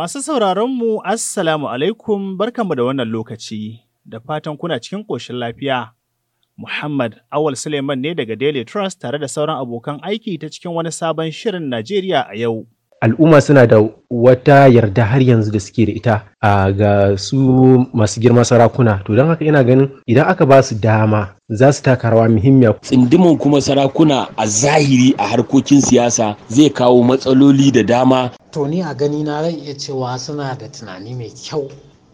Masu sauraronmu, Assalamu alaikum, barkanmu da wannan lokaci, da fatan kuna cikin ƙoshin lafiya. Muhammad Awal Suleiman ne daga Daily Trust tare da sauran abokan aiki ta cikin wani sabon shirin Najeriya a yau. al'umma suna da wata yarda har yanzu da suke da ita a ga su masu girma sarakuna to don haka ina ganin idan aka ba su dama za su taka rawa muhimmiya tsindimin kuma sarakuna a zahiri a harkokin siyasa zai kawo matsaloli da dama to ni a gani na zan iya cewa suna da tunani mai kyau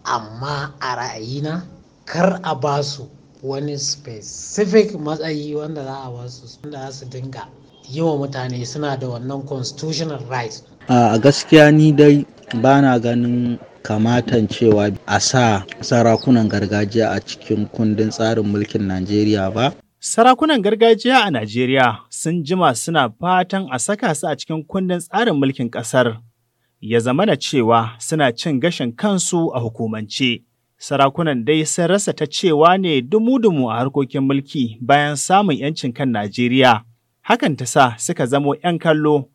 amma a ra'ayina kar a ba su wani specific matsayi wanda za a ba su dinga yi wa mutane suna da wannan constitutional right A gaskiya ni dai ba na ganin kamatan cewa a sa sarakunan gargajiya a cikin kundin tsarin mulkin Najeriya ba. Sarakunan gargajiya a Najeriya sun jima suna fatan a saka su a cikin kundin tsarin mulkin ƙasar. Ya zama na cewa suna cin gashin kansu a hukumance. Sarakunan dai sun rasa ta cewa ne dumu-dumu a harkokin mulki bayan samun 'yancin kan Najeriya. Hakan ta sa suka zamo 'yan kallo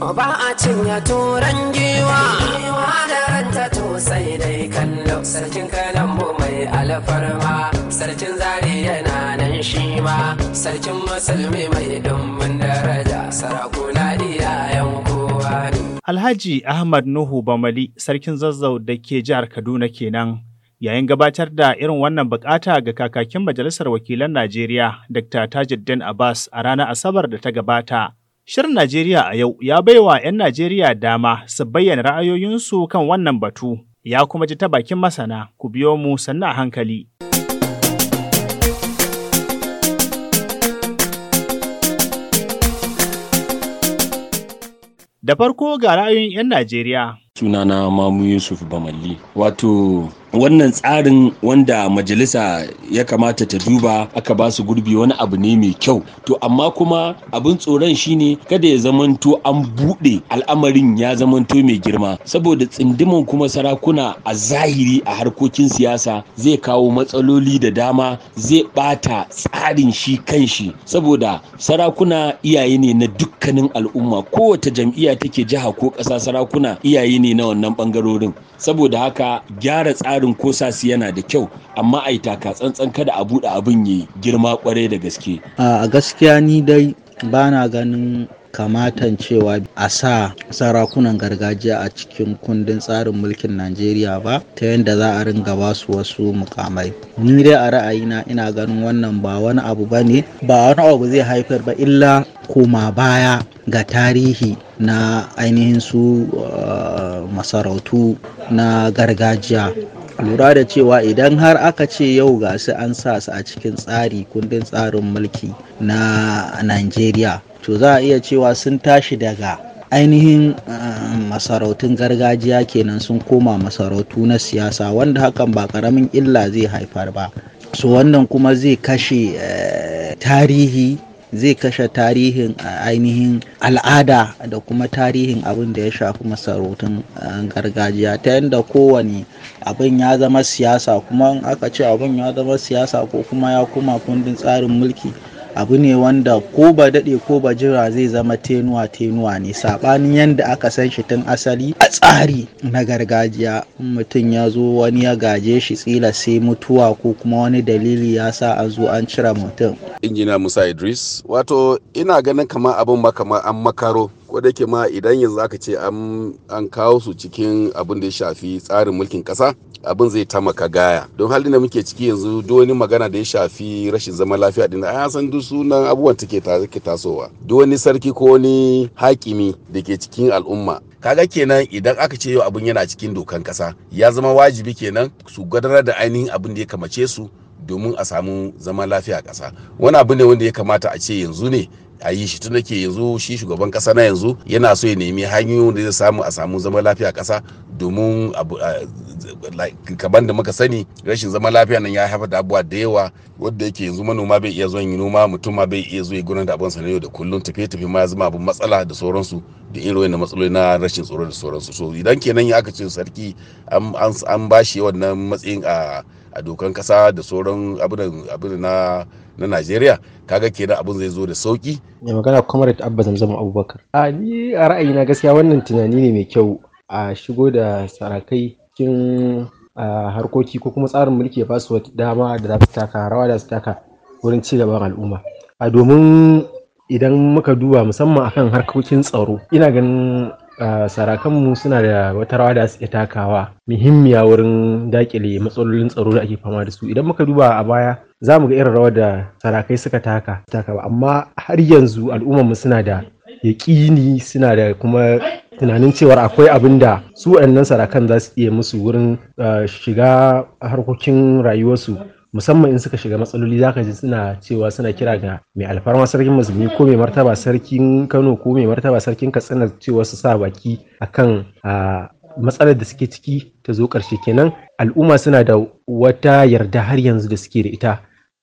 ba a cinya turan giwa giwa da ranta to sai dai kallo sarkin kalambo mai alfarma sarkin zari yana nan shi ma sarkin musulmi mai dumbin daraja sarakuna iyayen kowa ne Alhaji Ahmad Nuhu Bamali sarkin zazzau da ke jihar Kaduna kenan yayin gabatar da irin wannan bukata ga kakakin Majalisar Wakilan Najeriya Dr. Tajuddin Abbas a ranar Asabar da ta gabata. Shirin Najeriya a yau ya baiwa 'yan Najeriya dama su bayyana ra'ayoyinsu kan wannan batu, ya kuma ji ta bakin masana ku biyo mu sannu a hankali. Da farko ga ra'ayoyin 'yan Najeriya. sunana mamu yusuf bamalli wato wannan tsarin wanda majalisa ya kamata ta duba aka ba su gurbi wani abu ne mai kyau to amma kuma abin tsoron shine kada ya zamanto an buɗe al'amarin ya zamanto mai girma saboda tsindimin kuma sarakuna a zahiri a harkokin siyasa zai kawo matsaloli da dama zai ɓata tsarin shi kan shi saboda sarakuna iyaye ne na dukkanin al'umma kowace jam'iyya take jiha ko ƙasa sarakuna iyaye ne ne na wannan bangarorin saboda haka gyara tsarin ko yana da kyau amma a yi taka tsantsan kada a buɗe abin yi girma kwarai da gaske a gaskiya ni dai ba na ganin kamatan cewa a sa sarakunan gargajiya a cikin kundin tsarin mulkin Najeriya ba ta yadda za a ringa ba su wasu mukamai. Ni dai a ra'ayina ina ganin wannan ba wani abu ba ne, ba wani abu zai haifar ba illa koma baya ga tarihi na ainihin su uh, masarautu na gargajiya lura da cewa idan har aka ce yau ga su an sa su a cikin tsari kundin tsarin mulki na Najeriya to za a iya cewa sun tashi daga ainihin ah, masarautun gargajiya kenan sun koma masarautu na siyasa wanda hakan ba karamin illa zai haifar ba so wannan kuma zai kashe eh, tarihi zai kashe tarihin ah, ainihin al'ada da kuma tarihin abin da ya shafi masarautun ah, gargajiya ta yadda kowane abin ya zama siyasa kuma aka ce abin ya zama siyasa ko kuma ya koma kundin tsarin mulki abu ne wanda ko ba daɗe ko ba jira zai zama tenuwa tenuwa ne saɓanin yadda aka san shi tun asali a tsari na gargajiya mutum ya zo wani ya gaje shi tsila sai mutuwa ko kuma wani dalili ya sa an zo an cire mutum injina musa idris wato ina ganin kama abin ba an makaro ko da ke ma idan yanzu aka ce an kawo su cikin abin da ya shafi tsarin mulkin kasa abin zai ta maka gaya don halin da muke ciki yanzu duk wani magana da ya shafi rashin zaman lafiya din a san duk sunan abubuwan take tasowa duk wani sarki ko wani hakimi da ke cikin al'umma kaga kenan idan aka ce yau abin yana cikin dokan kasa ya zama wajibi kenan su gudanar da ainihin abin da ya kamace su domin a samu zaman lafiya a ƙasa wani abu ne wanda ya kamata a ce yanzu ne a yi shi tun da ke yanzu shi shugaban kasa na yanzu yana so ya nemi hanyoyin da zai samu a samu zaman lafiya a kasa domin kaban da muka sani rashin zaman lafiya nan ya haifar da abubuwa da yawa wadda yake yanzu manoma bai iya zuwa yi noma mutum ma bai iya zuwa gurin da abin sa yau da kullum tafiye tafi ma ya zama abin matsala da sauransu da irin wannan matsaloli na rashin tsoro da sauransu so idan kenan ya aka ce sarki an ba shi wannan matsayin a a dokan kasa da sauran abin na na Najeriya kaga kenan abin zai zo da sauki. Ya magana Comrade Abba Zamzam Abubakar. A ni a ra'ayina gaskiya wannan tunani ne mai kyau a shigo da sarakai cikin harkoki ko kuma tsarin mulki ya ba su wata dama da za su taka rawa da su taka wurin ci gaban al'umma. A domin idan muka duba musamman akan harkokin tsaro ina ganin sarakanmu suna da wata rawa da suke takawa muhimmiya wurin dakile matsalolin tsaro da ake fama da su idan muka duba a baya za mu ga irin rawar da sarakai suka taka taka ba amma har yanzu al'ummarmu suna da yaƙini suna da kuma tunanin cewar akwai abin da su waɗannan sarakan za su iya musu wurin eh, shiga harkokin rayuwarsu musamman in suka shiga matsaloli zaka ji suna cewa suna kira ga mai alfarma sarkin musulmi ko mai martaba sarkin kano ko mai martaba sarkin katsina cewa su sa baki akan matsalar da suke ciki ta zo karshe kenan al'umma suna da wata yarda har yanzu da suke da ita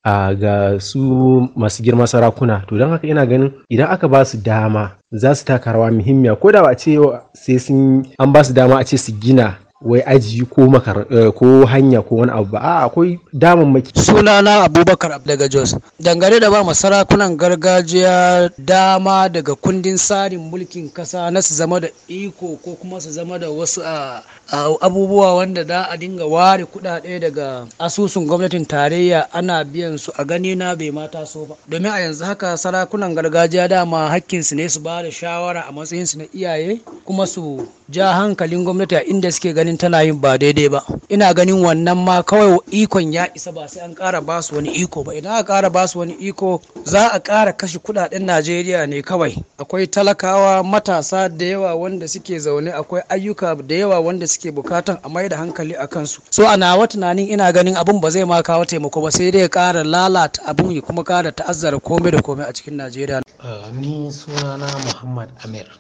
a ga su masu girma sarakuna to don haka ina ganin idan aka ba su dama za su taka rawa muhimmiya ko da ba a ce sai sun an ba su dama a ce su gina wai aji ko eh, ko hanya ko wani abu ba a akwai damammaki na abubakar daga jos dangane da ba ma sarakunan gargajiya dama daga kundin tsarin mulkin kasa na su zama da iko ko kuma su zama da wasu abubuwa wanda da a dinga ware kudade daga asusun gwamnatin tarayya ana biyan su a gani na bai mata so ba domin a yanzu haka sarakunan gargajiya dama hakkin su ne su ba da shawara a matsayin su na iyaye kuma su ja hankalin gwamnati a inda suke ganin tana yin ba daidai ba ina ganin wannan ma kawai ikon ya isa ba sai an ƙara ba su wani iko ba idan aka ƙara ba su wani iko za a ƙara kashe kuɗaɗen najeriya ne kawai akwai talakawa matasa da yawa wanda suke zaune akwai ayyuka da yawa wanda suke bukatan a mai da hankali a kansu so a nawa tunanin ina ganin abin ba zai ma kawo taimako ba sai dai ƙara lalata abun ya kuma ƙara ta'azzara komai da komai a cikin najeriya ni sunana muhammad amir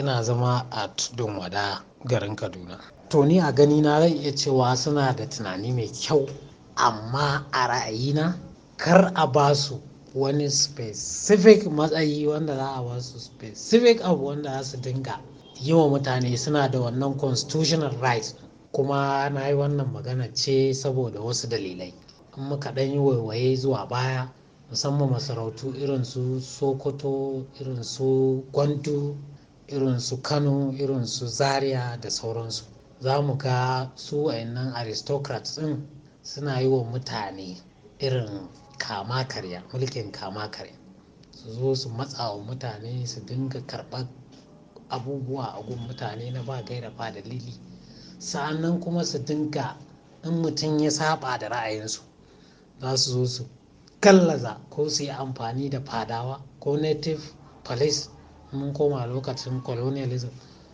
ina zama a tudun wada garin kaduna to ni a gani na zan iya cewa suna da tunani mai kyau amma a ra'ayina kar a ba su wani specific matsayi wanda za a ba su specific abu wanda za su dinga yi wa mutane suna da wannan constitutional right kuma na yi wannan magana ce saboda wasu dalilai in muka ɗan yi waiwaye zuwa baya musamman masarautu irin su sokoto irin su gwandu irin su kano irin su zaria da sauransu za mu ga su wayannan aristocrats din? suna yi wa mutane irin kama karya mulkin kama karya su zo su matsa wa mutane su dinga karɓar abubuwa a gun mutane na ba gaira ba dalili sa'annan kuma su dinga in mutum ya saba da ra'ayinsu za su zo su kallaza ko su yi amfani da fadawa ko native police mun koma lokacin colonialism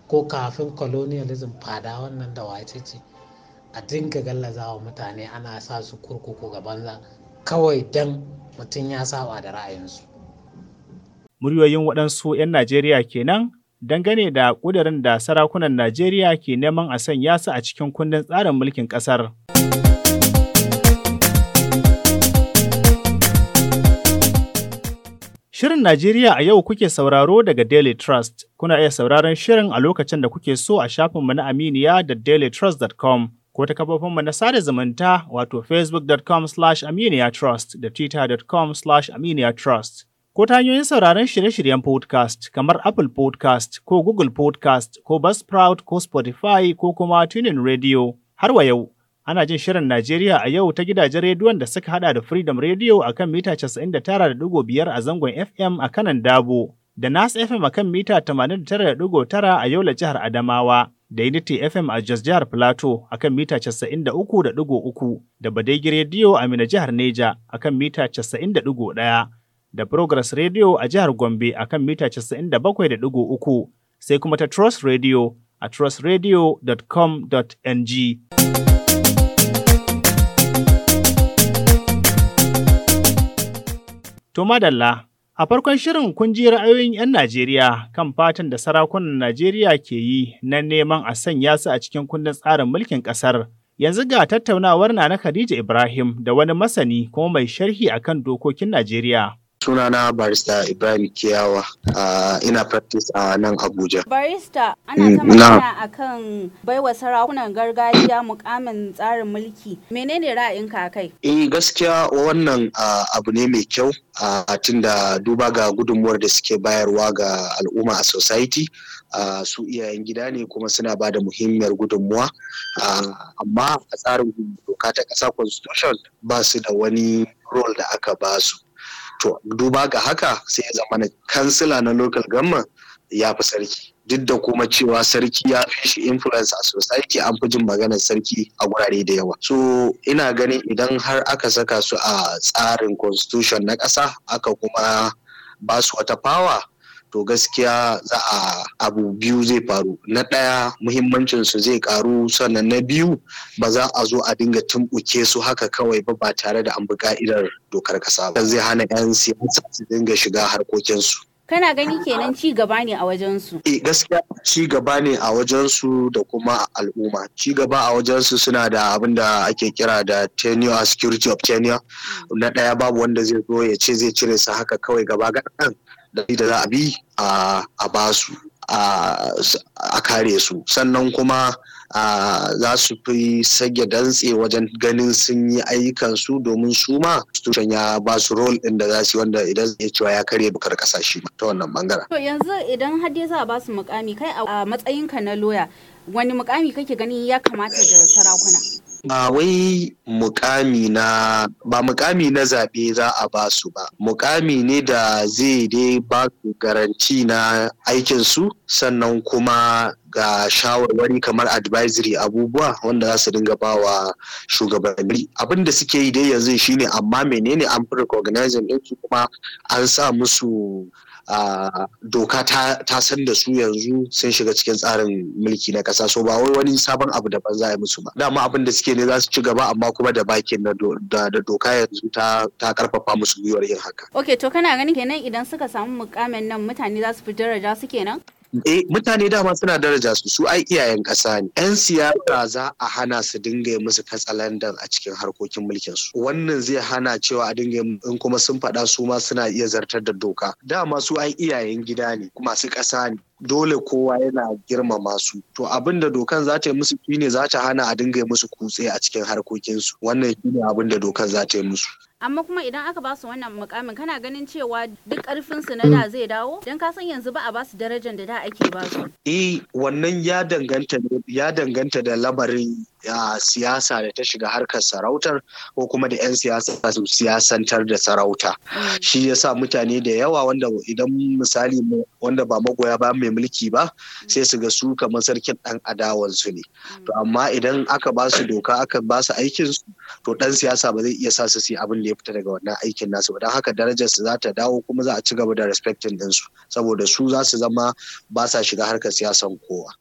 ko kafin colonialism fada wannan da wace ce a dinga gallaza wa mutane ana sa su kurkuku ga banza kawai don mutum ya saba da ra'ayinsu. Muryoyin waɗansu 'yan Najeriya kenan dangane da ƙudurin da sarakunan Najeriya ke neman a sanya su a cikin kundin tsarin mulkin ƙasar. Shirin Najeriya a yau kuke sauraro daga Daily Trust. Kuna iya sauraron shirin a lokacin da kuke so a shafinmu na Aminiya da dailytrust.com ko ta kafofinmu na sada zumunta wato facebook.com slash aminiyatrust da twitter.com slash aminiyatrust. Ko ta hanyoyin sauraron shirye-shiryen podcast kamar Apple podcast ko Google podcast ko Buzzsprout ko Spotify ko kuma Tuning Radio. Har wa yau, Ana jin shirin Najeriya a yau ta gidajen rediyon da suka hada da Freedom Radio a kan mita 99.5 a zangon FM a kanan Dabo, da Nas FM a kan mita 89.9 a da jihar Adamawa, da Unity FM a Jos jihar Plateau a kan mita 93.3, da Badegi Radio a Mina jihar Neja a kan mita 90.1, da Progress Radio a jihar Gombe a kan mita 97.3, sai kuma ta Trust Radio a trustradio.com.ng. To madalla, a farkon shirin kun ji ra'ayoyin 'yan Najeriya kan fatan da sarakunan Najeriya ke yi na neman a sanya su a cikin kundin tsarin mulkin ƙasar. Yanzu ga tattaunawar na na Khadija Ibrahim da wani masani kuma mai sharhi akan dokokin Najeriya. sunana barista ibrahim kiyawa uh, ina practice a nan abuja barista ana mm, ta magana akan baiwa sarakunan gargajiya mukamin tsarin mulki menene ra'ayinka kai eh gaskiya wannan abu ne mai kyau a tunda duba ga gudunmuwar da suke bayarwa ga al'umma a society Uh, su iyayen gida ne kuma suna ba da muhimmiyar gudunmuwa amma a tsarin doka ta ƙasa constitution ba su da wani role da aka ba su to duba ga haka sai ya zama na kansila na local government ya fi sarki duk da kuma cewa sarki ya fi shi influence a society an fi jin maganar sarki a gurare da yawa so ina ganin idan har aka saka su a tsarin constitution na ƙasa aka kuma ba su wata power to gaskiya za a abu biyu zai faru na ɗaya muhimmancin su zai karu sannan na biyu ba za a zo a dinga tumbuke su haka kawai ba ba tare da an bi ka'idar dokar kasa ba zai hana 'yan siyasa su dinga shiga harkokinsu kana gani kenan ci gaba ne a wajensu? Eh, gaskiya ci gaba ne a wajensu da kuma al'umma. Ci gaba a wajensu suna da abin da ake kira da tenure security of tenure. Hmm. Na ɗaya babu wanda zai zo ya ce zai cire su haka kawai gaba gaɗan. da za a bi a ba su a kare su sannan kuma za su fi sage dantse wajen ganin sun yi ayyukan su domin su ma tushen ya ba su rol ɗin da za su wanda idan ya cewa ya karya bukar kasa shi ta wannan bangare. To yanzu idan har za a ba su mukami kai a matsayinka na loya wani mukami kake ganin ya kamata da sarakuna? ba wai mukami na ba mukami na zaɓe za a ba su ba mukami ne da zai dai ba su garanti na aikinsu sannan kuma ga shawarwari kamar advisory abubuwa wanda za su dinga ba wa shugabanni abin da suke yi dai yanzu shine amma menene an fi recognizing kuma an sa musu doka ta san da su yanzu sun shiga cikin tsarin mulki na ƙasa so ba wai wani sabon abu da za a musu ba dama abin da suke ne za su ci gaba amma kuma da bakin da doka yanzu ta karfafa musu gwiwar yin haka ok to kana ganin kenan idan suka samu mukamin nan mutane za su fi daraja su kenan eh mutane dama suna daraja su su ai iyayen ƙasa ne yan siyasa za a hana su dinga yi musu katsalandan a cikin harkokin mulkin su wannan zai hana cewa a dinga in kuma sun faɗa su ma suna iya zartar da doka dama su ai iyayen gida ne masu ƙasa ne dole kowa yana girmama su to abin da dokan za ta yi musu shine za ta hana a dinga musu kutse a cikin harkokinsu wannan shine abin da dokan za ta yi musu amma kuma idan aka ba su wannan mukamin kana ganin cewa duk karfin su na da zai dawo dan ka san yanzu ba a ba su darajar da da ake ba su eh wannan ya danganta ya danganta da labarin siyasa da ta shiga harkar sarautar ko kuma da 'yan siyasa su siyasantar da sarauta shi ya sa mutane da yawa wanda idan misali wanda ba magoya ba mai mulki ba sai su ga su kamar sarkin dan adawansu ne to amma idan aka ba su doka aka ba su aikin su to dan siyasa ba zai iya sa su yi abin da ya fita daga wannan aikin nasu ba don haka darajar su za ta dawo kuma za a ci gaba da respecting din su saboda su za su zama ba sa shiga harkar siyasan kowa.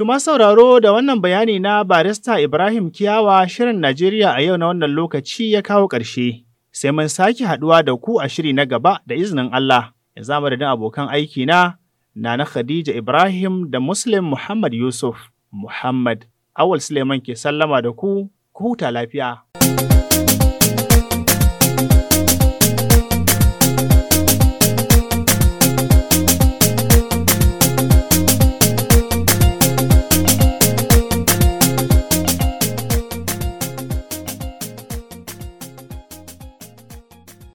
Tuma sauraro da wannan bayani na barista Ibrahim Kiyawa shirin Najeriya a yau na wannan lokaci ya kawo ƙarshe. Sai mun sake haɗuwa da ku a shiri na gaba da izinin Allah. Ya zama da abokan aiki na Nana Khadija Ibrahim da Muslim Muhammad Yusuf Muhammad. Awal Suleiman ke sallama da ku, ku huta lafiya.